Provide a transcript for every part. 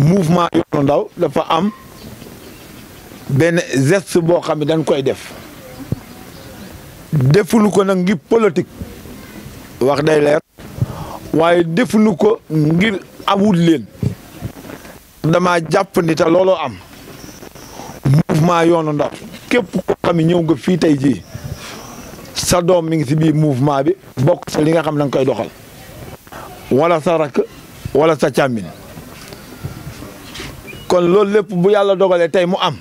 mouvement yoonu ndaw dafa am benn geste boo xam ne dañ koy def defuñu ko nag ngir politique wax day leer waaye defuñu ko ngir awut leen dama jàpp ni te looloo am mouvement yoonu ndaw képp koo xam ne ñëw nga fii tey jii sa doom mi ngi ci biir mouvement bi bokk sa li nga xam ne danga koy doxal wala sa rakk wala sa càmmiñ kon loolu lépp bu yàlla dogalee tey mu am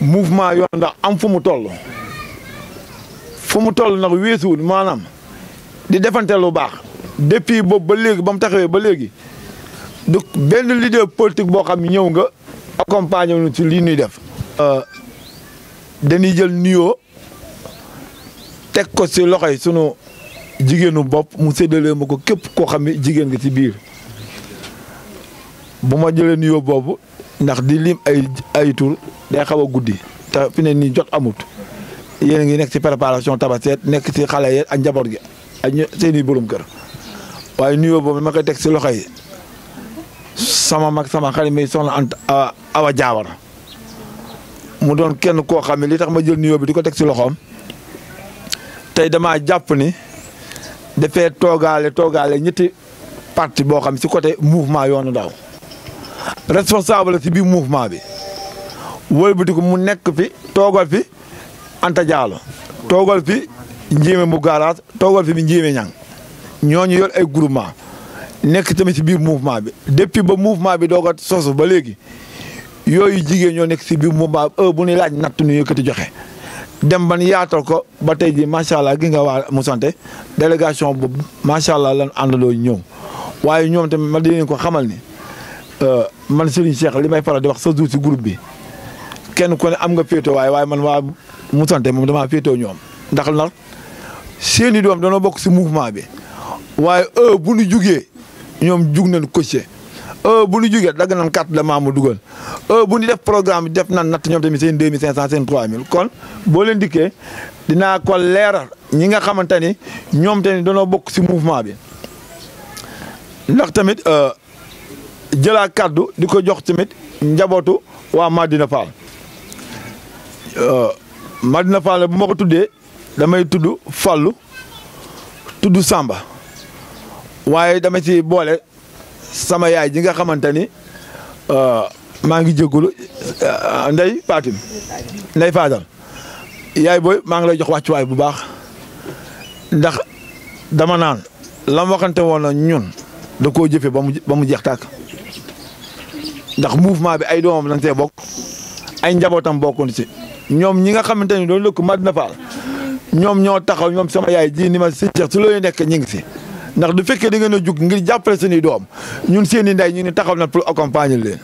mouvement yoon ndax am fu mu toll fu mu toll nag weesuwul maanaam di defante lu baax depuis boobu ba léegi ba mu taxawee ba léegi du benn leader politique boo xam ñëw nga accompagner ñu ci lii ñuy def. Euh, dañuy jël nuyoo teg ko si loxoy sunu jigéenu bopp mu séddalee ma ko képp koo xam ne jigéen nga ci biir. bu ma jëlee nuyoo boobu ndax di lim ay ay tur day xaw a guddi te fi ne nii jot amut yéen a ngi nekk ci préparation tabaski nekk ci xale yi ak njaboot gi ak seen i borom kër waaye nuyoo boobu ma koy teg si loxo yi sama mag sama xarit mi soxna Anta Awa Diawara mu doon kenn koo xam ne li tax ma jël nuyoo bi di ko teg si loxoom tey dama jàpp ni dafee toogaale toogaale ñetti parti boo xam si côté mouvement yoonu ndaw responsable la si biir mouvement bi wëlbatiku mu nekk fi toogal fi Anta Diallo toogal fi Ndiémé mu garage toogal fi bi Ndiémé Niang ñooñu yor ay groupement nekk tamit si biir mouvement bi depuis ba mouvement bi doog a sosu ba léegi yooyu jigéen ñoo nekk si biir mu bi bu ñuy laaj natt nu yëkkati joxe dem ban yaatal ko ba tey jii macha allah gi nga waa mu santé délégation boobu macha allah lan àndandoo ñëw waaye ñoom tamit ma dinañ ko xamal ni. Euh, man Serigne Cheikh li may faral di wax sa jour si groupe bi kenn ku ne am nga féetoo waaye waaye man waa Moussante moom damaa féetoo ñoom ndax nar seeni doom danoo bokk si mouvement bi waaye bu ñu jugee ñoom jug nañ coché e bu ñu jugee dagg nañ carte de membre dugal e bu ñu def programme bi def nañ natt ñoom tamit seen deux mille cinq cent seen trois boo leen dikkee dinaa ko leeral ñi nga xamante ni ñoom tamit danoo bokk si mouvement bi ndax tamit. Euh, jëlaa kàddu di ko jox tamit njabootu waa Madina Fall euh, Madina Fall bu ma ko tuddee damay tudd Fallu tudd sàmba waaye dama ci boole sama yaay ji nga xamante ni euh, maa ngi jégalu euh, Ndey Fatim Ndey Fadal yaay booy maa ngi lay jox wàccuwaay bu baax ndax dama naan lam waxante woon na ñun da koo jëfee ba mu mu jeex tàkk ndax mouvement bi ay doomam lañ see bokk ay njabootam bokkoon ci ñoom ñi nga xamante ni ko lëkk na Fall ñoom ñoo taxaw ñoom sama yaay ji ni ma si Cheikh su looy ñu ngi si ndax du fekkee da ngeen a jug ngir jàppale suñuy doom ñun seen i ndey ñu ni taxaw na pour accompagner leen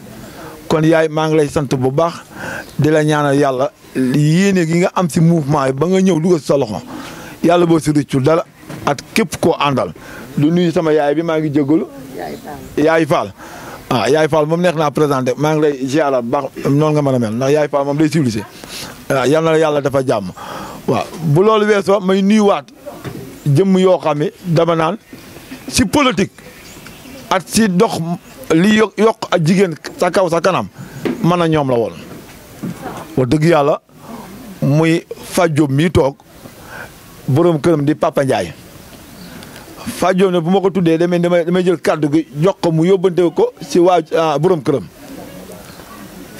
kon yaay maa ngi lay sant bu baax di la ñaanal yàlla yéene gi nga am si mouvement yi ba nga ñëw dugal sa loxo yàlla boo si rëccul dara at képp koo àndal lu nuyu sama yaay bi maa ngi jégalu yaay Fall ah Yaay Fall moom neex naa présenté maa ngi lay ziaraat baax noonu nga mën a mel ndax Yaay Fall moom day civilisé waaw ah, yal na yàlla dafa jàmm waaw bu loolu weesoo may nuyuwaat jëmm yoo xam ne dama naan si politik ak si dox li yokk ak jigéen sa kaw sa kanam man a ñoom la woon. wax dëgg yàlla muy Fadio mii toog borom këram di Papa Ndiaye. Fatou Diop ne bu ma ko tuddee damay damay jël kàddu gi jox ko mu yóbbante ko si waa ah, borom këram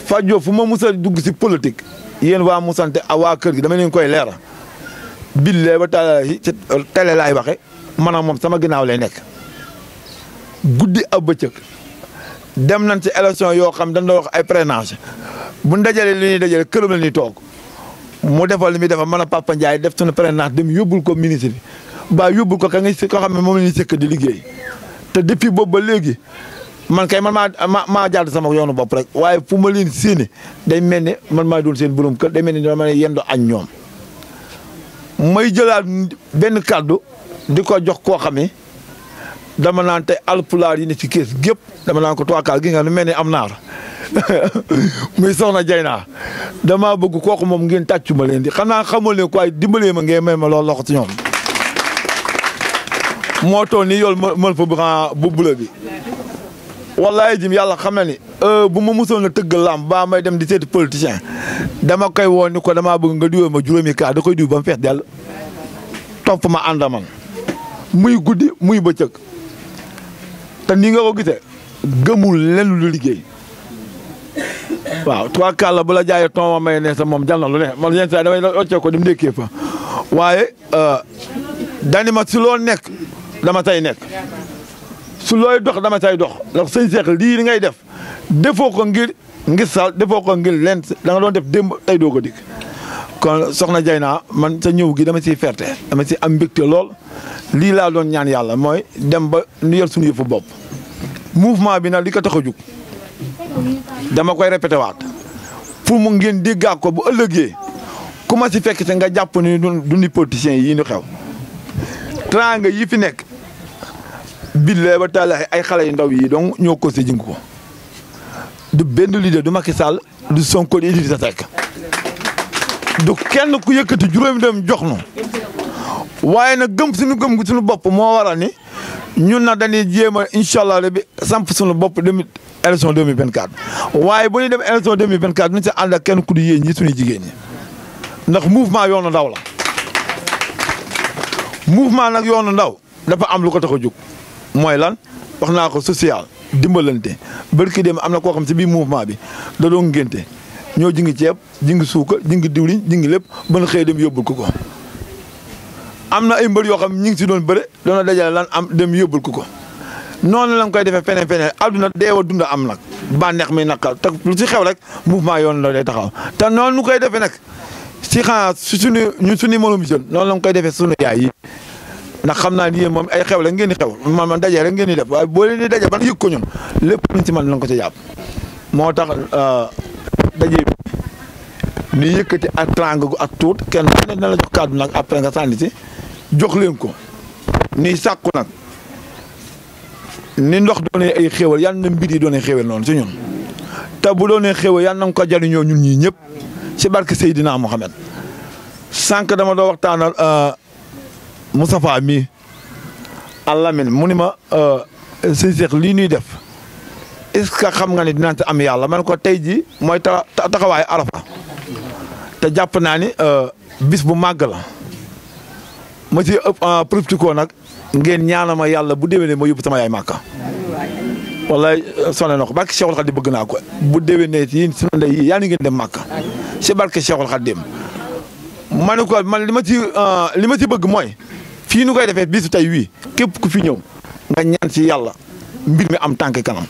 Fatou Diop fu ma mus dugg si politik yéen waa musante a ah, waa kër gi dama leen koy leera billee ba taalaahi ci télé laay waxe maanaam moom sama ginnaaw lay nekk guddi ab bëccëg dem nañ ci élection yoo xam dañ doon wax ay prénage bu ñu dajalee li ñuy dajale këram la toog mu defal li muy defal mën a Papa Ndiaye def suñu prénage dem yóbbul ko ministre bi ba yóbbu ko ka nga si koo xam ne moom la ñuy sëkk di liggéey te depuis boobu ba léegi man kay man maa maa jàdd sama yoonu bopp rek waaye fu ma leen séeni day mel ni man maa doon seen borom kër day mel ni dama ne yendoo añ ñoom may jëlaat kàddu di ko jox koo xam ne dama naan tey alpulaar yi ne ci kees gépp dama naan ko toakaar gi nga nu mel ni am naar muy soxna jay naa damaa bëgg kooku moom ngeen tàccu ma leen di xanaa xamoo leen ko waaye dimbalee ma ngeen may ma loolu loxo ci ñoom moo toll ni yool mën fa buran bu bula bi wallaay jim yàlla xam na ni euh, bu ma mosoon a tëgg làmb baa may dem di seeti politicien dama koy woo ni ko damaa bëgg nga diwee a juróomi kaa da koy diw ba mu fees dell topp ma ànd muy guddi muy bëccëg te ni nga ko gisee gëmul lenn lu liggéey waaw trois quarts la bu la jaayee tooma may ne moom jàll na lu ne man yenn saa damay occee ko di mu dékkee fa waaye euh, dani ma si loo nekk dama tay nekk su looy dox dama tay dox ndax sëñ Seex lii li ngay def defoo ko ngir ngir sal defoo ko ngir leen da doon def démb tey doo ko dikk kon soxna jay naa man sa ñëw gi dama ciy ferte dama ci am mbégte lool lii laa doon ñaan yàlla mooy dem ba nu yor suñu yëfu bopp mouvement bi nag li ko tax a jug dama koy répété waat pour mu ngeen déggaat ko bu ëllëgee ku ma si fekk te nga jàpp ni du nu politiciens yi ñu xew teraanga yi fi nekk billaay ba taala ay xale yu ndaw yi donc ñoo ko si jëngu ko du benn leader du Macky Sall du Sonko di Idrissa du kenn ku yëkkati juróomi dem jox nu waaye nag gëm suñu gëm gu suñu bopp moo waral ni ñun nag dañuy jéem a incha allah rabi samp suñu bopp dem élection 2024. waaye bu ñuy dem élection 2024 duñu si ànd ak kenn ku di yéen ñi suñuy jigéen ñi ndax mouvement yoonu ndaw la maa nag yoonu ndaw dafa am lu ko tax a jóg. mooy lan wax naa ko social dimbalante ki dem am na koo xam si biir mouvement bi da doon ngénte ñoo ji ngi ceeb ji ngi suukar ji ngi diwlin ji ngi lépp ban xëy dem yóbbul ko ko. am na ay mbër yoo xam ñi ngi si doon bëre doon dajale lan am dem yóbbul ko ko noonu lañ koy defee feneen feneen adduna deewa dunda am nag bànneex mi naqar te lu si xew rek mouvement yoonu la day taxaw te noonu nu koy defee nag si xanaa su suñu ñun suñu mënum jël noonu lañ koy defee suñu yaay yi. ndax xam naa ni yéen moom ay xew la ngeen di xew man man daje rek ngeen di def waaye boo leen di daje ban yëg ko ñun lépp luñ ci man lañ ko ci jàpp moo tax euh, daje bi ni yëkkati ak trang ak tuut kenn ku ne la kàddu nag après nga sànni ci jox leen ko ni sàkku nag ni ndox doonee ay xéewal yan na mbir yi doonee noonu si ñun te bu doonee xéewal yan nañ ko jariñoo ñun ñii ñëpp ci barke Seydina Mohamed sànq dama doo waxtaanal euh, Moustapha mii Alamine mu ni ma euh, sëñ Cheikh lii ñuy def est-ce que xam nga ne dinaa ci am yàlla man ko tey jii mooy taxawaayu arafa te jàpp naa ni euh, bis bu màgg la ma ci ëpp euh, profité nag ngeen ñaana ma yàlla bu déwénee ma yóbbu sama yaay màkka wallaay sonné na ko barke Cheikhul Khadim bëgg naa ko bu déwénee ci yéen sunu ndey yaa ngi ngeen de màkka ci barke Cheikhul Khadim ma ko man li ma ci li ma ci bëgg mooy fii nu koy defee bisu tey wii képp ku fi ñëw nga ñaan ci yàlla mbir mi am tànk kanam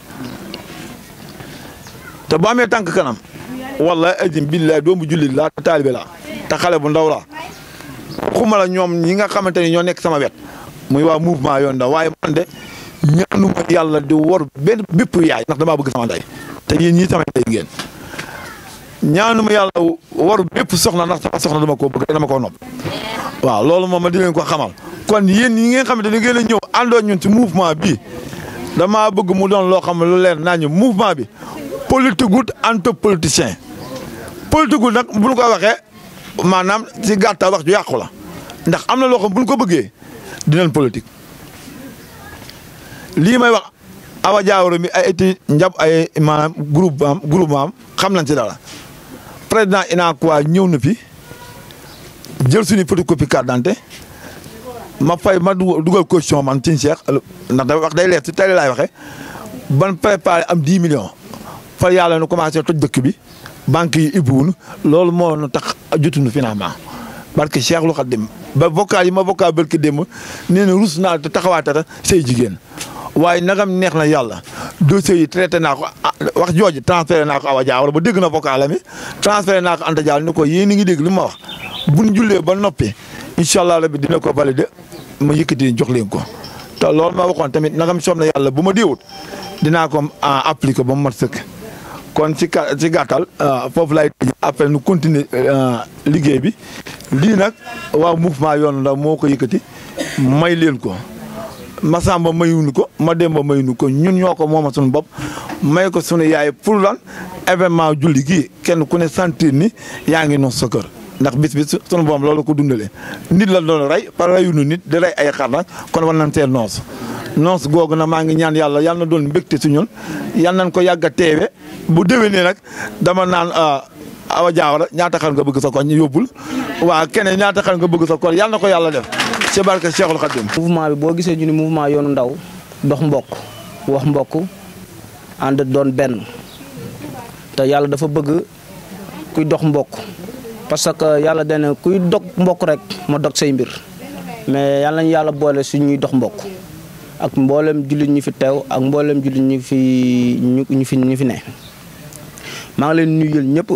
te bu amee tànk kanam wallahi ajim billahi doomu jullit laa te taalibe laa te xale bu ndaw laa xuma la ñoom ñi nga xamante ni ñoo nekk sama wet muy waa mouvement yoon da waaye man de ñaanuma yàlla di wor benn bépp yaay ndax damaa bëgg sama ndey te yéen ñii sama ndey ngeen ñaanuma yàlla war bépp soxna nax sama soxna dama koo bëgg dama koo nopp waaw loolu moom ma di ko xamal kon yéen ñi ngeen xam ne ngeen a ñëw àndoon ñun ci mouvement bi damaa bëgg mu doon loo xam ne lu leer naa ñu mouvement bi politique wut entre politicien politique wut nag bu ñu ko waxee maanaam ci gàttal wax ju yàqu la ndax am na loo xam bu ko bëggee dinañ politique. lii may wax Awa Diawara mi ay iti njab ay maanaam groupe am groupe am xam nañ ci dara président Inaakuwa ñëw na fi jël suñu photocopie carte d'identité ma fay ma dugal caution man Serigne Cheikh ndax dafa wax day leer ci télé laay waxee ban préparé am 10 millions fa yàlla nu commencé toj dëkk bi banque yi ubbiwuñu loolu moo nu tax jotuñu financement parce que Cheikh lu Xadim ba vocal yi ma vocal barki démb nee na rus naa te taxawaatata say jigéen waaye nagam neex na yàlla dossier yi traité naa ko ah, wax jooju transféré naa ko Awa Diawara ba dégg na vocal mi transféré naa ko a Diallo ni ko yéen a ngi dégg li ma wax buñ jullee ba noppi incha allah rabi dina ko valider. ma yëkkati jox leen ko te loolu ma waxoon tamit nagam soom na yàlla bu ma déewut dinaa ko ah, appliquer ba mu mat sëkk kon ci ka ci gàttal ah, foofu lay après nu continuer ah, liggéey bi lii nag waaw mouvement yoonu ndaw moo ko yëkkati may leen ko Masamba mayuñu ko ma Mademba mayuñu ko ñun ñoo ko mooma suñu bopp may ko sunu yaay pour lan événement julli gii kenn ku ne sentir ni yaa ngi noos sa kër ndax bis bis sunu boom loolu ko dundalee nit la doon rey par reyunu nit di rey ay xar nag kon war nañ teel noos noos googu na maa ngi ñaan yàlla yàlla doon mbégte su ñun yàlla nañ ko yàgg a teewe bu déwénee nag dama naan ah, awa jaawara ñaata xar nga bëgg sa koñ yóbbul waa keneen ñaata xar nga bëgg sa koñ yàlla ko yàlla def ci barke Cheikhul Khadim mouvement bi boo gisee ñu ni mouvement yoonu ndaw dox mbokk wax mbokk ànd doon benn te yàlla dafa bëgg kuy dox mbokk parce que yàlla dana kuy dog mbokk rek ma dog say mbir mais yàlla nañu yàlla boole su ñuy dox mbokk ak mboolem jullit ñu fi teew ak mboolem jullit ñu fi ñu ñu fi ñu fi ne. maa ngi leen nuyu ñëpp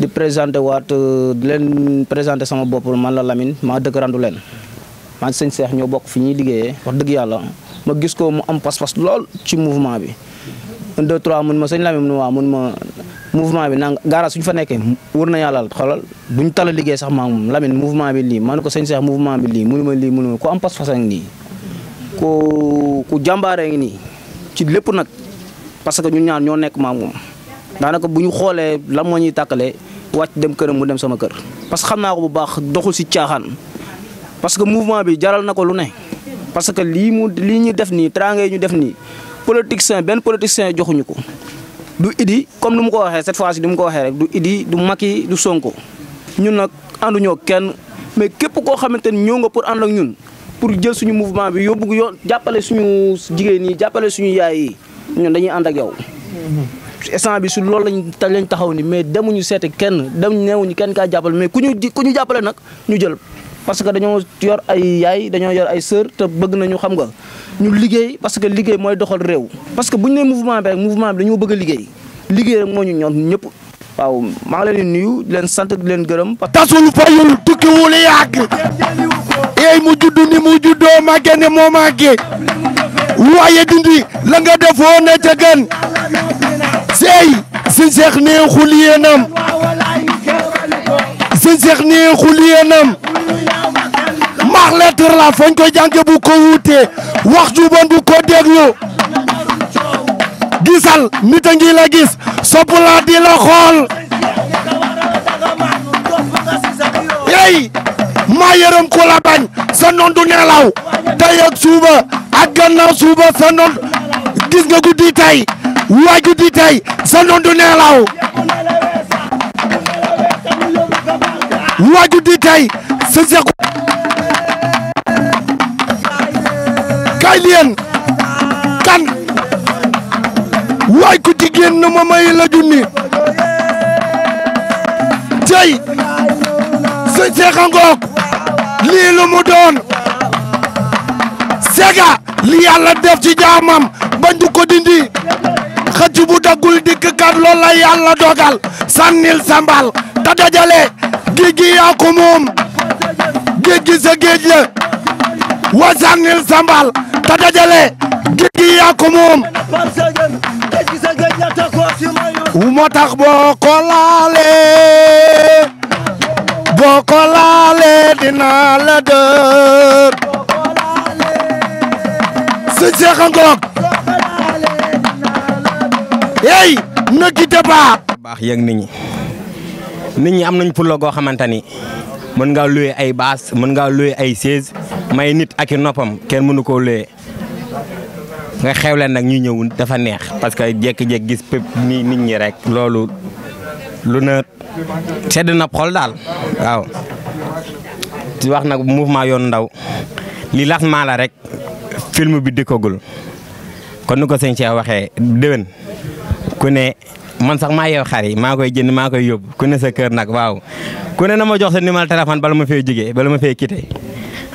di présenté waat euh, di leen présenté sama bopp man la lamin maa dëkk randu leen maa sëñ Seex ñoo bokk fi ñuy liggéeye wax dëgg yàlla ma gis ko mu am pas-pas lool ci mouvement bi. un trois mun ma sëñ Lamine mun ma. mouvement bi nang gaara suñ fa nekkee wër na yàlla xoolal buñ tala liggéey sax maa moom Lamine mouvement bi lii ma ne ko sëñ Cheikh mouvement bi lii mënu ma lii mënu ma ku am pas façon nii ku ku jàmbaare ngi nii ci lépp nag parce que ñun ñaar ñoo nekk maa moom daanaka bu ñu xoolee lan moo ñuy tàkkalee wàcc dem këram mu dem sama kër parce que xam naa ko bu baax doxul si caaxaan parce que mouvement bi jaral na ko lu ne parce que lii mu lii ñu def nii teraanga yi ñu def nii politicien benn politicien joxuñu ko du Idi comme ni mu ko waxee cette fois ci ni mu ko waxee rek du Idi du Macky du Sonko ñun nag ànduñoo kenn mais képp koo xamante ni ñëw nga pour ànd ak ñun pour jël suñu mouvement bi yóbbu yoon jàppale suñu jigéen yi jàppale suñu yaay yi ñun dañuy ànd ak yow. Mhm. instant bi su loolu lañ lañ taxaw ni mais demuñu seete kenn dem neewuñu kenn kaa jàppale mais ku ñu ku ñu jàppale nag ñu jël. parce que dañoo yor ay yaay dañoo yor ay sœur te bëgg nañu xam nga ñu liggéey parce que liggéey mooy doxal réew. parce que bu ñu nee mouvement bi rek mouvement bi dañoo bëgg a liggéey liggéey rek moo ñu ñoom ñëpp. waaw maa ngi leen di nuyu leen sant di leen gërëm. tasul fayul tukki wul yàgg. yeey mu judd ni mu juddoo màggee ni moo màggee. waaye dindi la nga defoon na ca gën. sey si seex nee xul si seex nee xul baax lettre la fañ ko jànge bu ko wuute wax ju bon bu ko déglu gisal nit a la gis sopp la di la xool yey maa yërëm ku la bañ sa noon nelaw tey ak ak gannaaw suuba sa noon gis nga guddi tey waa guddi tey sa noon nelaw waa guddi tey sa kaay leen kan waay ku ci ma may tey sëñ Seexa ngoog doon Sega li yàlla def ci jaamam bañ du ko dindi xëcc bu daggul yàlla dogal sànnil sambal ta dajale géej gi yaa géej gi wa sànnil sambal ta dajale géej gi yaa ko moom moo tax boo ko laalee boo ko laalee dinaa la dër sëñ Cheikh Ngok hey ne baax yëg nit ñi nit ñi am nañ pour la goo xamante ni mën ngaa loué ay baas mën ngaa loué ay chaise may nit ak i noppam kenn mënu koo loué nga xewle nag ñu ñëw dafa neex parce que jékki-jékki gis pépp ni nit ñi rek loolu lu na sedd na xol daal waaw ci wax nag mouvement yoonu ndaw li lancement la rek film bi dikkagul kon ni ko sëñ Cheikh waxee déwén ku ne man sax maa yeew xar yi maa koy jënd maa koy yóbbu ku ne sa kër nag waaw ku na ma jox sa numéro téléphone bala ma fee jógee bala ma fee kite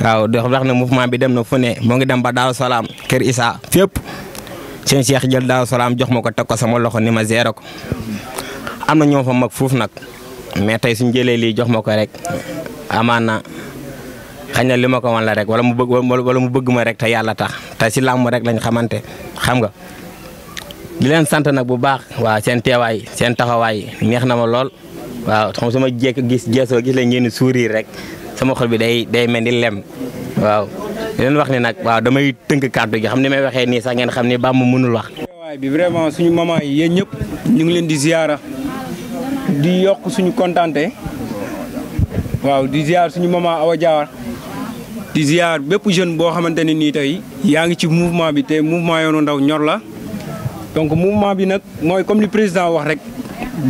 waaw dox wax na mouvement bi dem na fu ne moo ngi dem ba Daaru Salaam kër Issa fépp seen Cheikh jël Daaru solaam jox ma ko teg ko sama loxo ni ma géré ko am na ñoo fa mag fuuf nag mais tey suñ jëlee lii jox ma ko rek amaan na xañ na li ma ko wan la rek wala mu bëgg wala mu bëgg ma rek te yàlla tax te si làmb rek lañ xamante xam nga. di leen sant nag bu baax waaw seen teewaay seen taxawaay neex na ma lool waaw xam sama jékk gis geesoo gis la ngeen sourire rek sama xol bi day day mel ni lem waaw di leen wax ni nag waaw damay tënk kàddu gi xam ni may waxee nii sax ngeen xam ni Bamba mënul wax. teewaay bi vraiment suñu maman yi yéen ñëpp ñu ngi leen di ziara di yokk suñu kontante waaw di ziar suñu maman Awa Diawar di ziar bépp jeune boo xamante ne nii tey yaa ngi ci mouvement bi te mouvement yoonu ndaw ñor la. donc mouvement bi nag mooy comme li président wax rek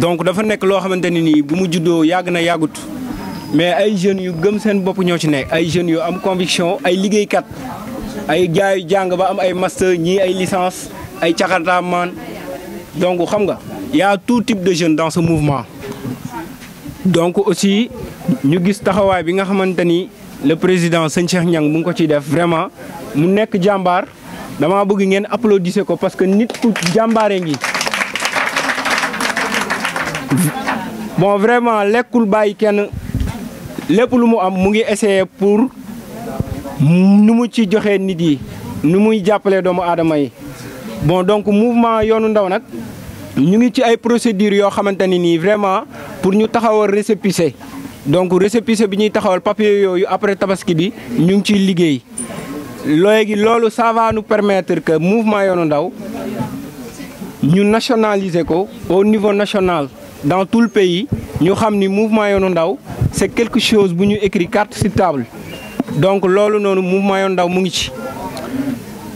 donc dafa nekk loo xamante ne nii bu mu juddoo yàgg na yàggut mais ay jeunes yu gëm seen bopp ñoo ci nekk ay jeunes yu am conviction ay liggéeykat ay jaay jàng ba am ay master ñii ay licence ay caxarta maan donc xam nga y a tout type de jeunes dans ce mouvement donc aussi ñu gis taxawaay bi nga xamante ni le président sëñ Cheikh Niang mu ngi ko ciy def vraiment mu nekk jàmbaar dama bëgg ngeen applaudir ko parce que nit ku jàmbaare ngi bon vraiment lekkul bàyyi kenn lépp lu mu am mu ngi essayer pour nu mu ci joxe nit yi nu muy jàppale doomu aadama yi bon donc mouvement yoonu ndaw nag ñu ngi ci ay procédures yoo xamante ni nii vraiment pour ñu taxawal récépissé donc récépissé bi ñuy taxawal papier yooyu après tabaski bi ñu ngi ciy liggéey gi loolu ça nu nous permettre que mouvement yoonu ndaw ñu nationaliser ko au niveau national dans tout le pays ñu xam ni mouvement yoonu ndaw c'est quelque chose bu ñu écrit carte sur table donc loolu noonu mouvement yoonu ndaw mu ngi ci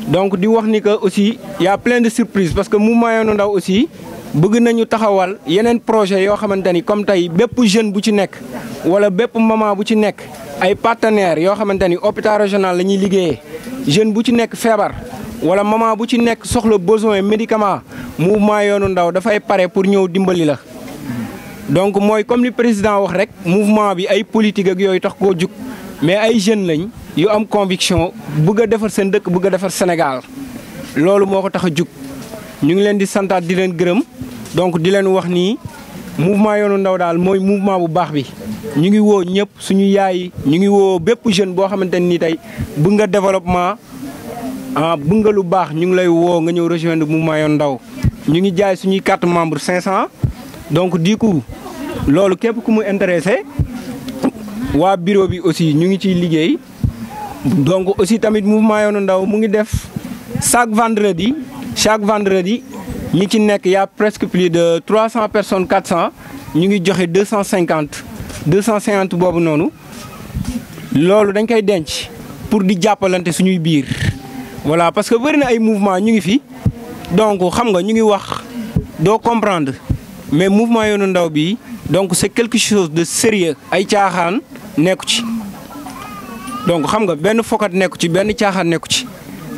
donc di wax ni que aussi y a de surprises parce que mouvement yoonu ndaw aussi bëgg nañu taxawal yeneen projet yoo xamante ni comme tey bépp jeune bu ci nekk wala bépp maman bu ci nekk ay partenaires yoo xamante ni hôpital régional la ñuy liggéeyee jeune bu ci nekk feebar wala maman bu ci nekk soxla besoin médicament mouvement yoonu ndaw dafay pare pour ñëw dimbali la. donc mooy comme li président wax rek mouvement bi ay politique ak yooyu tax koo jug mais ay jeunes lañ yu am conviction bëgg a defar seen dëkk bëgg a defar Sénégal loolu moo ko tax a jug ñu ngi leen di santaat di leen gërëm donc di leen wax nii. mouvement yoonu ndaw daal mooy mouvement bu baax bi ñu ngi woo ñëpp suñu yaay ñu ngi woo bépp jeune boo xamante ne nii tey bëgg nga développement ah bëgg lu baax ñu ngi lay woo nga ñëw rejoindre mouvement yoonu ndaw ñu ngi jaay suñuy carte membre 500 donc du coup loolu képp ku mu intéressé waa bureau bi aussi ñu ngi ciy liggéey donc aussi tamit mouvement yoonu ndaw mu ngi def chaque vendredi chaque vendredi ñi ci nekk y' presque plus de 300 personnes 400 ñu ngi joxe 250 250 boobu noonu loolu dañ koy denc pour di jàppalante suñuy biir voilà parce que bëri na ay mouvement ñu ngi fi donc xam nga ñu ngi wax doo comprendre mais mouvement yoonu ndaw bii donc c' est quelque chose de sérieux ay caaxaan nekku ci donc xam nga benn fokat nekku ci benn caaxaan nekku ci.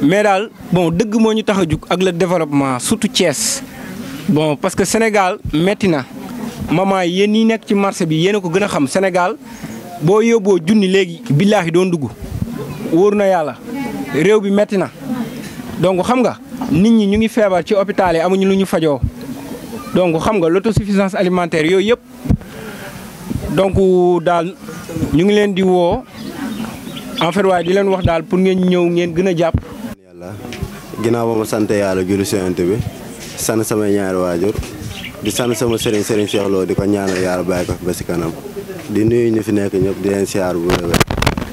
mais daal bon dëgg moo ñu tax a jug ak la développement surtout Thiès bon parce que Sénégal metti na maman yéen ñi nekk ci marché bi yéen a ko gën a xam Sénégal boo yóbboo junni léegi billaahi doon dugg wóor na yàlla réew bi metti na. donc xam nga nit ñi ñu ngi feebar ci hôpital yi amuñu lu ñu fajoo donc xam nga suffisance alimentaire yooyu yëpp donc daal ñu ngi leen di woo en fait di leen wax daal pour ngeen ñëw ngeen gën a jàpp. ginnaaw ba ma sant yàlla julli sant bi sant sama ñaari waajur di sant sama sëriñ sëriñ Cheikh di ko ñaanal yàlla bàyyi ko fi ba si kanam di nuyu ñu fi nekk ñëpp di leen siyaar bu wér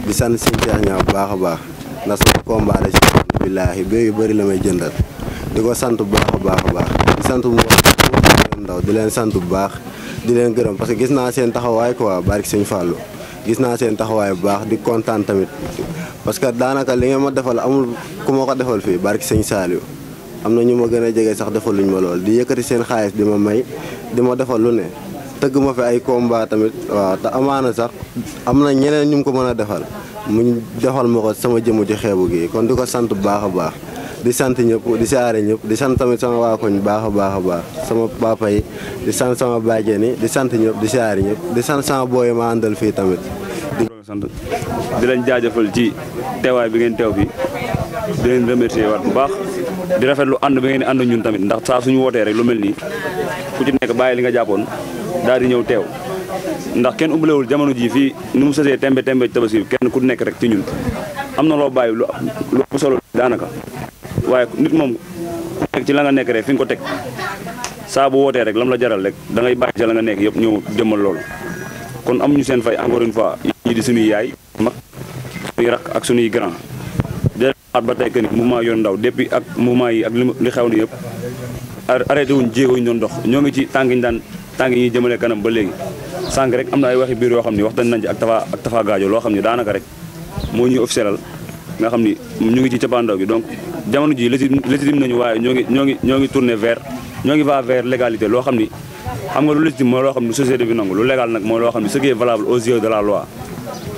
di sant sëñ Cheikh ñaa bu baax a baax ndax sama combat la si billaahi yu bëri la may jëndal di ko sant bu baax a baax a baax di sant mu ndaw di leen sant bu baax di leen gërëm parce que gis naa seen taxawaay quoi barki sëñ Fallou gis naa seen taxawaay bu baax di kontaan tamit parce que daanaka li nga ma defal amul ku ma ko defal fii barki sëñ Saliou am na ñu ma gën a jege sax defal luñ ma lool di yëkkati seen xaalis di ma may di ma defal lu ne tëgg ma fi ay combat tamit waaw te amaana sax am na ñeneen ñu ko mën a defal mu defal ma ko sama jëmu ji xeebu gi kon di ko sant bu baax a baax. di sant ñëpp di saare ñëpp di sant tamit sama waa koñ baax a baax a baax sama papa yi di sant sama bàjjen yi di sant ñëpp di saare ñëpp di sant sama booy ma àndal fii tamit. sant di leen jaajëfal ci teewaay bi ngeen teew fii di leen remercier waat bu baax di rafetlu ànd bi ngeen ànd ñun tamit ndax saa suñu wootee rek lu mel nii ku ci nekk bàyyi li nga jàppoon daal di ñëw teew. ndax kenn umbulewul jamono jii fii nu mu sësee tembe tembe tabaski kenn ku nekk rek ci ñun am na loo bàyyi lu solo daanaka. waaye nit moom ku nekk ci la nga nekk rek fi nga ko teg saa bu wootee rek lam la jaral rek da ngay bàyyi ci la nga nekk yëpp ñëw demal loolu kon amuñu seen fay encore une fois yi di suñuy yaay mag suñuy rak ak suñuy grand de at ba tey que ni mouvement yoonu ndaw depuis ak mouvement yi ak li xew ni yëpp arrêté wuñ jéego ñu doon dox ñoo ngi ci tànk ñu daan tànk yi jëmale kanam ba léegi sànq rek am na ay waxi biir yoo xam ni waxtaan nañ ci ak tafa ak gaajo loo xam ni daanaka rek moo ñuy officielal nga xam ni ñu ngi ci cappaandaw gi donc jamono ji légitime nañu waaye ñoo ngi ñoo ngi ñoo ngi tourné vers ñoo ngi va légalité loo xam ni xam nga lu légitime mooy loo xam ne société bi nangu lu légal nag mooy loo xam ne ce qui est valable aux yeux de la loi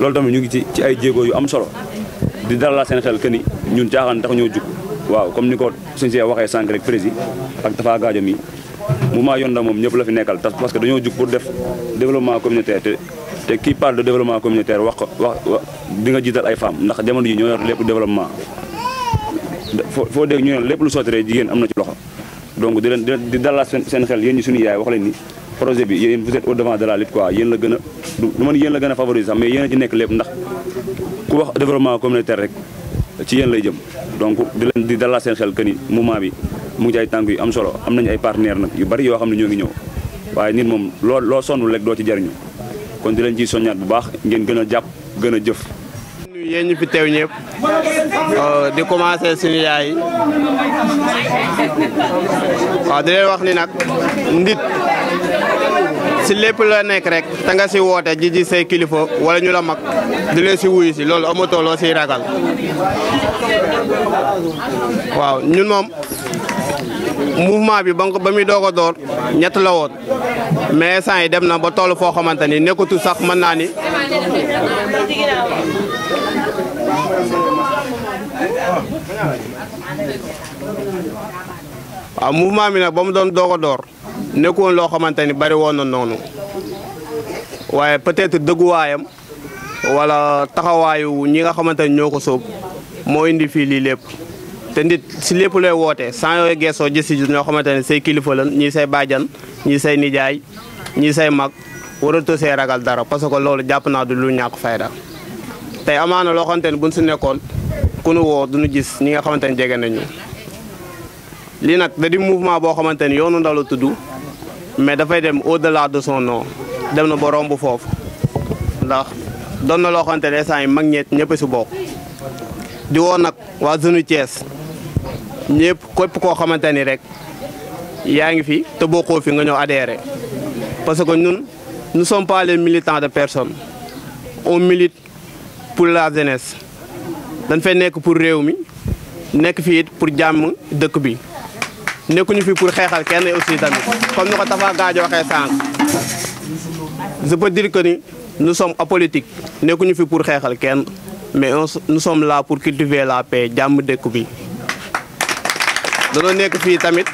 loolu tamit ñu ngi ci ci ay jéego yu am solo di dalal seen xel que ni ñun caaxaan tax ñoo jug waaw comme ni ko suñ see waxee sànq rek président ak Tafa Gadio mi mouvement Yonda moom ñëpp la fi nekkal parce que dañoo jug pour def développement communautaire te te qui parle de développement communautaire wax ko wax di nga jiital ay femmes ndax jamono ji ñoo yor lépp développement foo foo dégg ñu ne lépp lu sotti rek jigéen am na ci loxo donc di leen di seen xel yéen ñi suñu yaay wax leen projet bi yéen vous êtes au devant de la lutte quoi yéen la gën a du man yéen la gën a favoriser sax mais yéen a ci nekk lépp ndax ku wax développement communautaire rek ci yéen lay jëm donc di leen seen xel que ni bi mu ngi ci ay tànk yu am solo am nañu ay partenaire nag yu bari yoo xam ne ñoo ngi ñëw waaye nit moom loo loo sonnul rek doo ci jariñu kon di leen ciy soññaat bu baax ngeen gën a jàpp gën a jëf. Euh, di commencé suñu yaay yi waaw wax ni nag ndit si lépp la nekk rek te nga si woote ji ji say kilifa wala ñu la mag di leen si wuyu si loolu amatoo loo ragal waaw ñun moom mouvement bi ba ba muy doog a la woon mais sant yi dem na batool toll foo xamante ni nekkatu sax mën naa ni amu ah, mouvement bi nag ba mu doon doog a door nekkoon loo xamante ni bari woon na noonu waaye peut-être dëgguwaayam wala taxawaayu ñi nga xamante ni ñoo ko sóob moo indi fii lii lépp te nit si lépp lay woote sans yooyu geesoo gis ñoo xamante ne say kilifa lan ñii say bàjjan ñii say nijaay ñii say mag waratoo see ragal dara parce que loolu jàpp naa du lu ñàkk fayda tey amaana loo xamante ne si nekkoon ku nu du duñu gis ñi nga xamante ni jege nañu lii nag da mouvement boo xamante ni yoonu ndaw la tudd mais dafay dem au delà de son nom dem na ba romb foofu ndax doon na loo xamante ne instant yi mag ñeet ñëpp si bokk di woo nag waa zone Thiès ñëpp koo xamante ni rek yaa ngi fi te bokkoo fi nga ñëw adhéré parce que ñun nous sommes pas de personne on milite pour la jeunesse dañ fay nekk pour réew mi nekk fi it pour jàmm dëkk bi nekkuñu fi pour xeexal kenn aussi tamit comme ni ko Tafa Gadio waxee sànq je peux dire que ni nous sommes apolitiques nekkuñu fi pour xeexal kenn mais nous sommes la pour cultiver la paix jàmm dëkk bi. danoo nekk fii tamit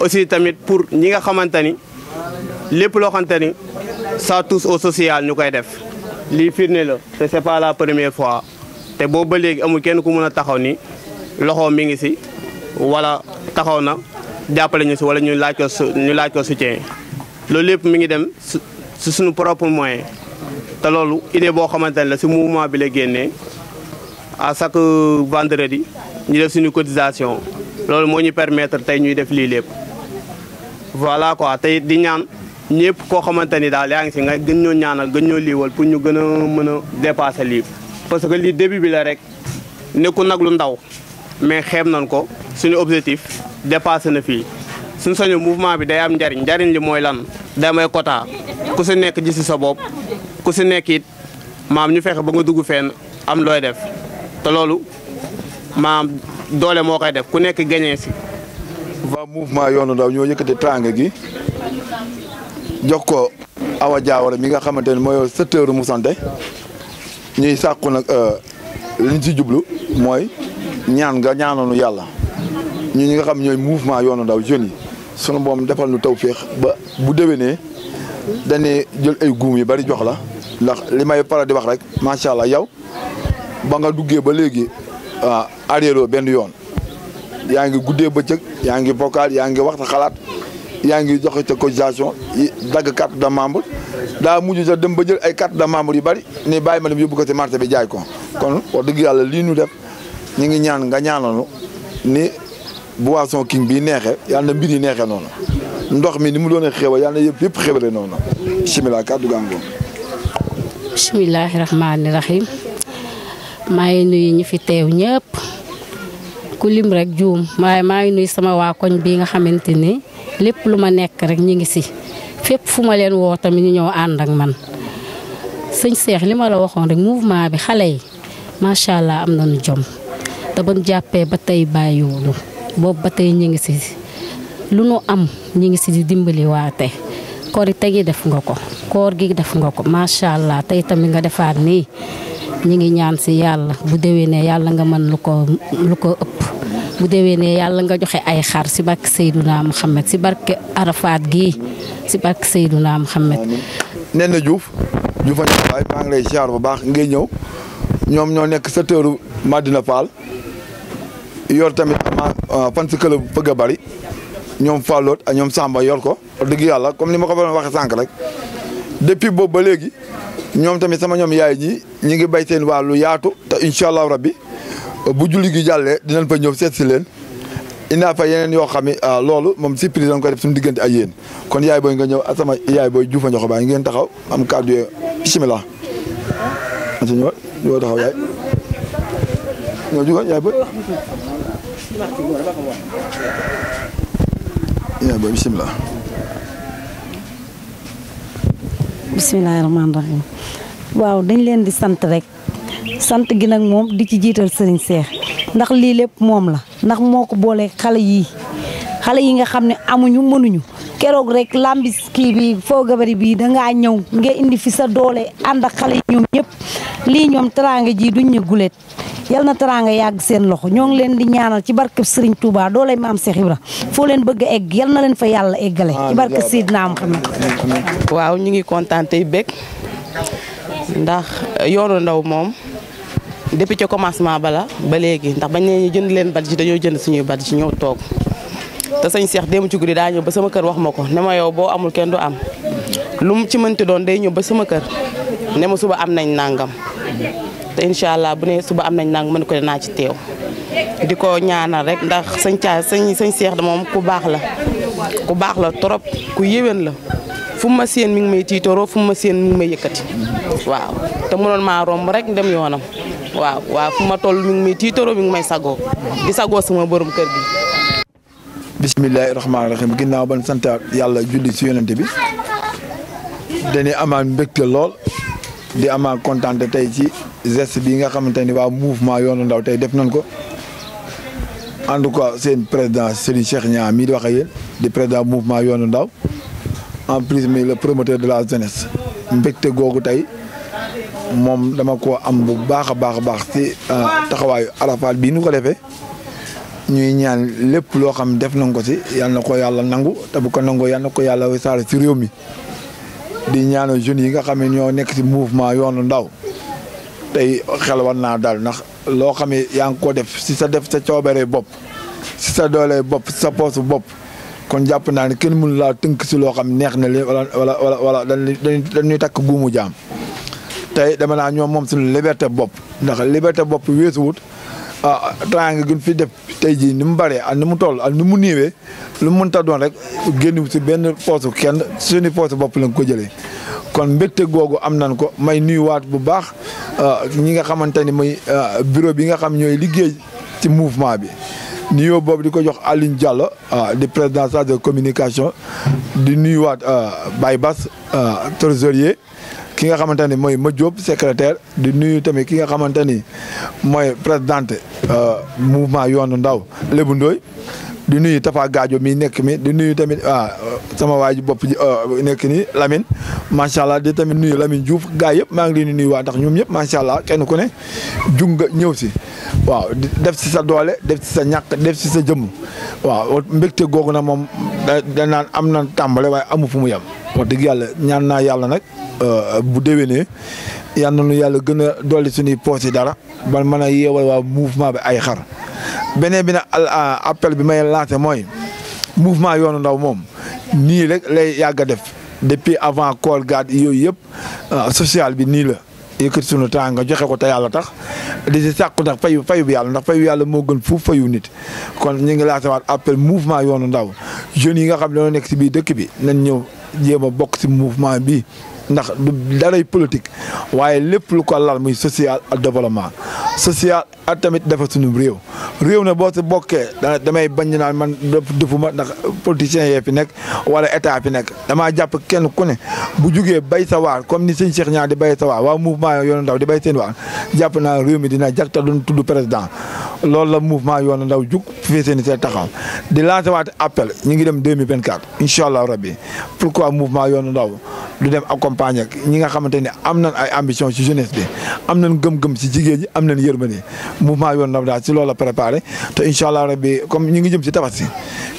aussi tamit pour ñi nga xamante ni lépp loo xamante ni ça touche social ñu koy def li firnde la te c'est pas la première fois. te boobu ba léegi amul kenn ku mën a taxaw ni loxoom mi ngi si wala taxaw na jàppale ñu si wala ñu laaj ko ñu laaj ko soutien loolu lépp mi ngi dem si suñu propre moyen te loolu idée boo xamante ne la si mouvement bi la génnee à chaque vendredi ñu def suñu cotisation loolu moo ñu permettre tey ñuy def lii lépp voilà quoi tey di ñaan ñëpp koo xamante ni daal yaa ngi si nga gën ñoo ñaanal gën ñoo liiwal pour ñu gën a mën a dépasser lii parce que lii début bi la rek nekkul nag lu ndaw mais xeem nañ ko suñu objectif dépassé na fii suñ sañu mouvement bi day am njariñ njariñ li mooy lan damay quota ku si nekk ji si sa bopp ku si nekk maam ñu fexe ba nga dugg fenn am looy def te loolu maam doole moo koy def ku nekk gañee si va mouvement yoonu ndaw ñoo yëkkati tàng gi jox ko Awa Diawara mi nga xamante ne mooy secteur mu ñuy sàkku nag euh, liñ ci jublu mooy ñaan nga ñaanoonu yàlla ñu ñi nga xam ñooy mouvement yoonu ndaw jeunes yi sunu moom defal nu feex ba bu déwénee dañuy jël ay guum yu bari jox la ndax li may faral di wax rek macha allah yow ba duggee ba léegi a ah, arrière benn yoon yaa ngi guddee ba bëccëg yaa ngi vocal yaa ngi waxta xalaat yaa ngi joxe ca cotisation dagg carte de membre daa mujj sax dem ba jël ay carte de membre yu bari ni bàyyi ma dem yóbbu ko ci marché bi jaay ko kon wax dëgg yàlla lii ñu def ñu ngi ñaan nga ñaananu ni boisson king bii neexee yàlla na mbir yi neexee noonu ndox mi ni mu doon xew a yàlla na yëpp yëpp xewale noonu bisimilah kàddu gaa ngoon bisimilahi rahmaani maa ngi nuyu ñi fi teew ñëpp ku lim rek juum waaye maa ngi nuyu sama waa koñ bi nga xamante ni lépp lu ma nekk rek ñu ngi si fépp fu ma leen woo tamit ñu ñëw ànd ak man sëñ Cheikh li ma la waxoon rek mouvement bi xale yi macha allah am nañu jom te ba jàppee ba tey bàyyiwuñu boobu ba tey ñu ngi si lu nu am ñu ngi si di dimbali waate koor yi tegi def nga ko koor gi def nga ko macha allah tey tamit nga defaat nii ñu ngi ñaan si yàlla bu dewee ne yàlla nga mën lu ko bu déwénee yàlla nga joxe ay xar si barke Seydouna Mohamed si barke Arafat gii si barke Seydouna Mohamed. nee na Diouf Diouf waay maa ngi lay ziar bu baax ngay ñëw ñoom ñoo nekk secteur Madina Fall yor tamit ama euh, fan si club bëgg a bari ñoom Falloot ak ñoom Samba yor ko. wax dëgg yàlla comme ni ma ko doon waxee sànq rek depuis boobu ba léegi ñoom tamit sama ñoom yaay ñi ñi ngi bay seen wàllu yaatu te incha allah rabbi bu julli gi jàllee dinañ fa ñëw seet si leen inaa fa yeneen yoo xam ne ah, loolu moom si prison ko def suñu diggante ak yéen kon yaay booy nga ñëw ah, sama yaay booy juufa ñoxo baa ngeen taxaw am kàddu yee bisimilah a si ñëw ñoo taxaw yaay ñoo juga yaay booy yaay booy bisimilah bisimilahi rahmaani rahim waaw dañ leen di sant rek sant gi nag moom di ci jiital sëriñ Seex ndax lii lépp moom la ndax moo ko boole xale yii xale yi nga xam ne amuñu mënuñu keroog rek lambis kii bi foo gabari bii dangaa ñëw nga indi fi sa doole ànd ak xale yi ñoom ñëpp lii ñoom teraanga jii duñ ñu guleet yal na teraanga yàgg seen loxo ñoo ngi leen di ñaanal ci barkeb Sëriñ Touba doole maam Cheikh la foo leen bëgg a egg yal na leen fa yàlla eggale ci barke Seydina Muhammad waaw ñu ngi kontaan tey ndax yoonu ndaw moom dépuis ci commencement bala ba léegi ndax bañ ne jënd leen badge dañoo jënd suñuy badge ñëw toog te sëñ Cheikh démb ci guddi daa ñëw ba sama kër wax ma ko ne yow boo amul kenn du am lu mu ci mënti doon day ñëw ba sama kër ne ma suba am nañ nangam te incha allah bu ne suba am nañ nangam mën ko dinaa ci teew di ko ñaanal rek ndax sëñ caa sëñ sëñ da moom ku baax la ku baax la trop ku yéwén la fu ma seen mi ngi may tiitoroo fu ma seen mi may yëkkati waaw te mënoon maa romb rek dem yoonam. waaw waaw fu ma toll mi ngi may tiitaroo may sagoo di sagoo sama borom kër gi. bisimilahi rahmaani rahiim ginnaaw ban sant yàlla julli ci yoonante bi dañuy amaan mbégte lool di amaat kontaan tey ci geste bi nga xamante ni waa mouvement yoonu ndaw tey def nañ ko. en tout cas seen président Serigne Cheikh Niang mii di wax ak yéen di président mouvement yoonu ndaw en plus mi le promoteur de la jeunesse mbégte googu tey moom dama ko am bu baax a baax a baax ci euh, taxawaayu Arafat bii nu ko defee ñuy ñaan lépp loo xam def nañ ko ci yal na ko yàlla nangu te bu ko nangoo yal na ko yàlla wisaare ci réew mi di ñaan jeunes yi nga xam ne ñoo nekk ci mouvement yoonu ndaw tey xel war naa daal ndax loo xam ne yaa ngi ko def si sa def sa coobare bopp si sa doole bopp si sa poosu bopp kon jàpp naa ne kenn mënu laa tënk si loo xam neex na leen wala wala wala dañuy takk buumu jaam. tey dama naa ñoom moom suñu liberté bopp ndax liberté bopp weesuwut ah triangle gi fi def tey jii ni mu bëree ak ni mu toll ak ni mu néewee lu mu mënta doon rek génn si benn poosu kenn suñu poosu bopp lañ ko jëlee. kon mbégte googu am nañ ko may nuyuwaat bu baax ah, ñi nga xamante ni muy ah, bureau bi nga xam ñooy liggéey ci mouvement bi. nuyoo boobu di ko jox Alioune Diallo ah, di président chargé communication di nuyuwaat Baye Bass trésorier. ki nga xamante ni mooy ma Diop secrétaire di nuyu tamit ki nga xamante ni mooy présidente euh, mouvement yoonu ndaw Lébu Ndooy di nuyu Tafa Gaajo mi nekk mi di nuyu tamit ah euh, sama waa ji bopp ji euh, nekk ni Lamine macha allah di tamit nuyu Lamine Diouf gaa yëpp maa ngi leen di waa ndax ñoom ñëpp macha allah kenn ku ne jug nga ñëw si. waaw def si sa doole def si sa ñàkk def si sa jëmm waaw mbégte googu na moom da naan am na tàmbale waaye amu fu mu yem wax dëgg yàlla ñaan naa yàlla nag. Euh, bu déwénee yal na nu yàlla gën a dolli suñuy poos yi dara ban mën a yeewal waaw mouvement bi ay xar beneen bi nag euh, appel bi may lancé mooy mouvement yoonu ndaw moom nii rek lay yàgg a def depuis avant koor gaat yooyu yëpp euh, sociale bi nii la yëkkati sunu temps nga joxe ko te yàlla tax di si sàkku ndax fayu fayu bi yàlla ndax fayu yàlla moo gën fu fayu nit kon ñu ngi lancé waat appel mouvement yoonu ndaw jeunes yi nga xam ne dañoo nekk si biir dëkk bi nañ ñëw jéem a bokk ndax du daray politique waaye lépp lu ko laal muy social ak développement social ak tamit defar suñu réew réew na boo si bokkee da damay bañ naan man defuma ndax politiciens yee fi nekk wala état fi nekk damaa jàpp kenn ku ne bu jugee bay sa waar comme ni sëñ Cheikh Niang di bay sa waar waa mouvement yoonu ndaw di bay seen waar jàpp naa réew mi dina jagta duñ tudd président loolu la mouvement yoonu ndaw jug fii seen seen taxaw di lancer waat appel ñu ngi dem 2024 incha allah rabbi pourquoi mouvement yoonu ndaw du dem accompagner ak ñi nga xamante ni am nañ ay ambition ci jeunesse bi am nañ gëm-gëm si jigéen ñi am nañ yërmande mouvement yoonu naw daal ci loolu la préparé te incha allah rabbi comme ñu ngi jëm si tabaski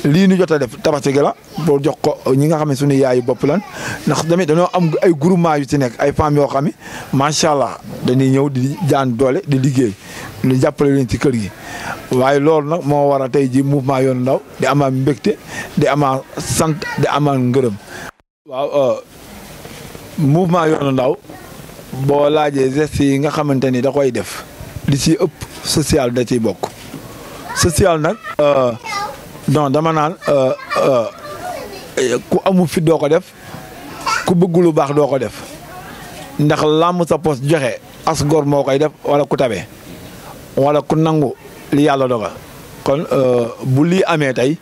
lii ñu jot a def tabaski gi la boo jox ko ñi nga xam ne suñu bopp lan ndax tamit dañoo am ay groupement yu ci nekk ay femmes yoo xam ne macha allah dañuy ñëw di jaan doole di liggéey ñu jàppale leen ci kër gi waaye loolu nag moo war a tey ji mouvement yoon ndaw di amaa mbégte di amaa sant di amaa ngërëm euh, mouvement yoonu ndaw boo laajee gestes yi nga xamante ni da koy def li ci ëpp social da ciy bokk social nag donc euh, dama naan euh, euh, ku amu fit doo ko def ku bëgg lu baax doo ko def ndax làmm sa pos joxe as góor moo koy def wala ku tabe wala ku nangu li yàlla dogal kon bu lii amee tey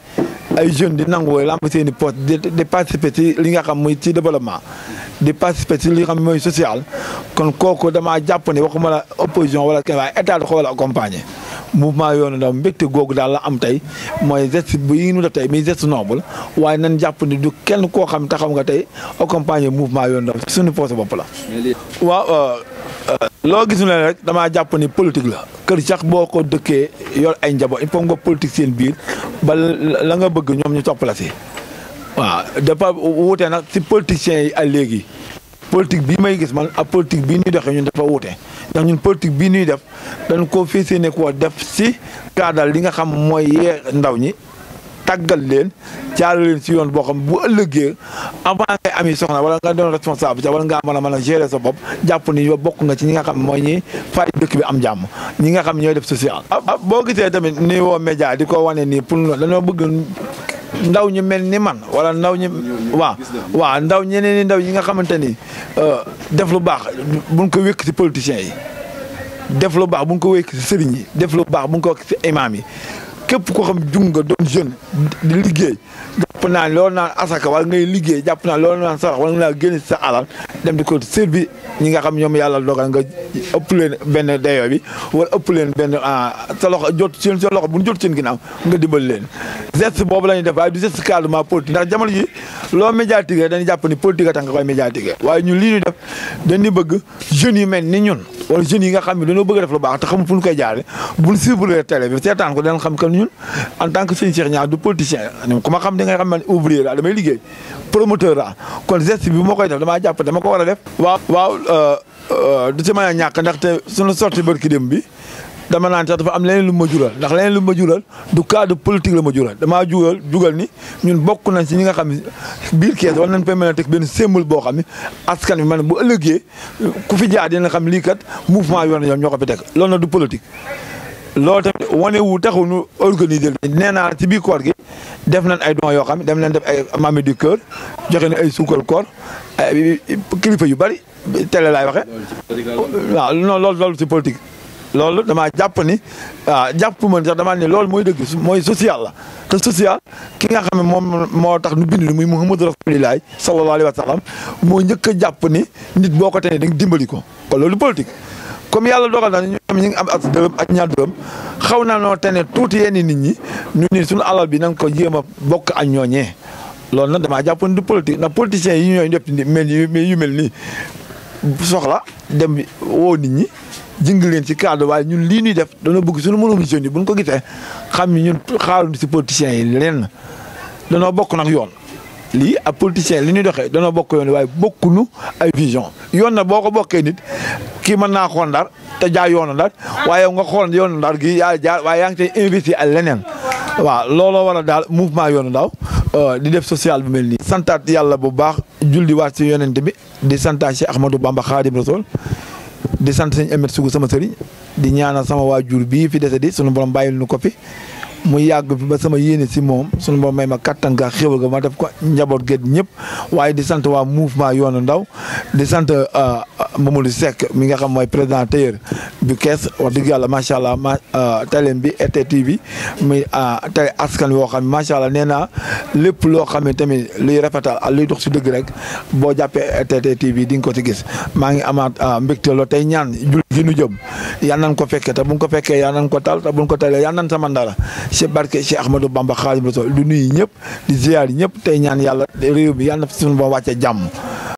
ay jeunes di nangu lamp seeni pos di participer ci li nga xam muy ci développement di participer ci li nga xam ne mooy social kon kooku damaa jàpp ne waxuma la opposition wala kenn waaye état da ko wala accompagner mouvement yoonu ndaw mbégte googu daal la am tey mooy geste bu yi nu def tey muy geste noble waaye nan jàpp ni du kenn koo xam taxaw nga tey accompagner mouvement yoonu ndaw suñu poche bopp la. waaw euh, euh, loo gis ne rek damaa jàpp ni politique la kër sax boo ko dëkkee yor ay njaboo il faut nga politique seen biir ba la nga bëgg ñoom ñu topp la si. waaw dafa wuute nag si politiciens yi a léegi politique bii may gis man ak politique bii ñuy doxee ñun dafa wutee ndax ñun politique bii nuy def dañ ko fii see ne def si kaadal li nga xam mooy yee ndaw ñi tàggal leen jaar leen si yoon boo xam bu ëllëgee avant ngay am yi soxna wala nga doon responsable sax wala ngaa mën a mën a sa bopp jàpp ni yow bokk nga ci ñi nga xam mooy ñi fay dëkk bi am jàmm ñi nga xam ñooy def social. Ah, ah, boo gisee tamit ni woo média di ko wane nii pour dañoo bëgg. ndaw ñi mel ni man wala ndaw ñi waaw waaw ndaw ñeneen ni ndaw ñi nga xamante ni euh, def lu baax buñ ko wékk ci politiciens yi def lu baax buñ ko wékk ci sëriñ yi def lu baax buñ ko wékk si imaam yi képp ko xam jung nga doon jeune di liggéey jàpp naa loolu naan asaka wala ngay liggéey jàpp naa loolu naan sarax wala nga naa génn sa alal dem di ko servir ñi nga xam ñoom yàlla dogal nga ëpp benn dayoo bi wala ëpp leen benn ah, sa loxo jot seen sa loxo bu ñu jot seen ginnaaw nga dimbal leen geste boobu la ñuy def waaye du geste carrément politique ndax jamono ji loo médiatique rek dañuy jàpp ni politique a tax nga koy médiatique waaye ñun lii ñu def dañuy bëgg jeunes yu mel ni ñun wala jeunes yi nga xam ne dañoo bëgg def lu baax te ñun en tant que sëñ Cheikh Niang du politicien ku ma xam di nga xam man ouvrier la damay liggéey promoteur la kon geste bi moo koy def damaa jàpp dama ko war a def. waaw waaw euh, euh, du ci mën a ñàkk ndaxte suñu sorti barki dem bi dama naan sax dafa am leneen lu ma jural ndax leneen lu ma jural du cadre politique la ma jural damaa jugal jugal ni ñun bokk nañ si ñi nga xam ne biir kees war nañ fay mën a teg benn symbole boo xam ne askan bi man bu ëllëgee ku fi jaar dina xam lii kat mouvement yoon yoon ñoo ko fi teg loolu na du politique. loolu tamit wane wu taxu ñu organiser nee naa ci biir koor gi def nañ ay dons yoo xam ne dem nañ def ay mame du cœur joxe na ay suukar koor kilifa yu bari télé laay waxe waaw non loolu loolu ci politique. loolu damaa jàpp ni waaw jàpp man sax damaa ne loolu mooy dëgg mooy social la te ki nga xam ne moom moo tax nu bind li muy Muhammadu Rasulillahi sallallahu alayhi wa sallam moo njëkk a jàpp ni nit boo ko tenee da nga dimbali ko loolu politique. comme yàlla dogal na ñu am ñi am ak dërëm ak ñaar dërëm xaw naa noo te ne tuuti yenn nit ñi ñu ni suñu alal bi nang ko jéem a bokk ak ñooñee loolu nag damaa jàppoon du politique na politiciens yi ñooy ñëpp mel yu mel nii soxla dem woo nit ñi jëngi leen ci cadre waaye ñun lii ñuy def dana bëgg suñu mënum jeunes yi buñ ko gisee xam ni ñun xaaruñu si politiciens yi leen danoo bokk nag yoon lii ak politiciens li ñuy doxee danoo bokk yoon waaye bokkuñu ay vision yoon na boo ko bokkee nit kii mën naa xool ndar te jaay yoonu ndar waaye nga xool yoonu ndar gi yaa jaar waaye yaa ngi tey invité ak leneen waaw looloo war a daal mouvement yoonu ndaw euh, di def social bu mel nii. santaat yàlla bu baax julli waat si yonent bi di santaat si Ahmadou Bamba Xaadim Rasul di sant sëñ Amet Sugu sama sëriñ di ñaana sama waa waajur bii fi dese di sunu borom bàyyil nu ko fi. mu yàgg fi ba sama yéene si moom sunu moom may ma kattan ga xéwal ga ma def ko njaboot géet ñëpp waaye di sant waa mouvement yoonu ndaw di sant euh, euh, Mamadou Seck mi nga xam mooy président tailleur bu kees wax dëgg yàlla macha allah ma euh, télém bi RTT bi muy télé askan yoo xam ne macha allah nee naa lépp loo xam ne tamit luy rafetal ak luy dox si dëgg rek boo jàppee RTT TV di nga ko si gis maa ngi amaat mbégte loo tey ñaan jul gi nu jëm yal nañ ko fekkee te buñ ko fekkee yal nañ ko tal te buñ ko talee yal nañ sama ndara ci barke Cheikh Ahmadou Bamba Xaadimu Rasuul du nuyu ñëpp di ziyaar ñëpp tey ñaan yàlla réew bi yàlla na fi suñu ba jàmm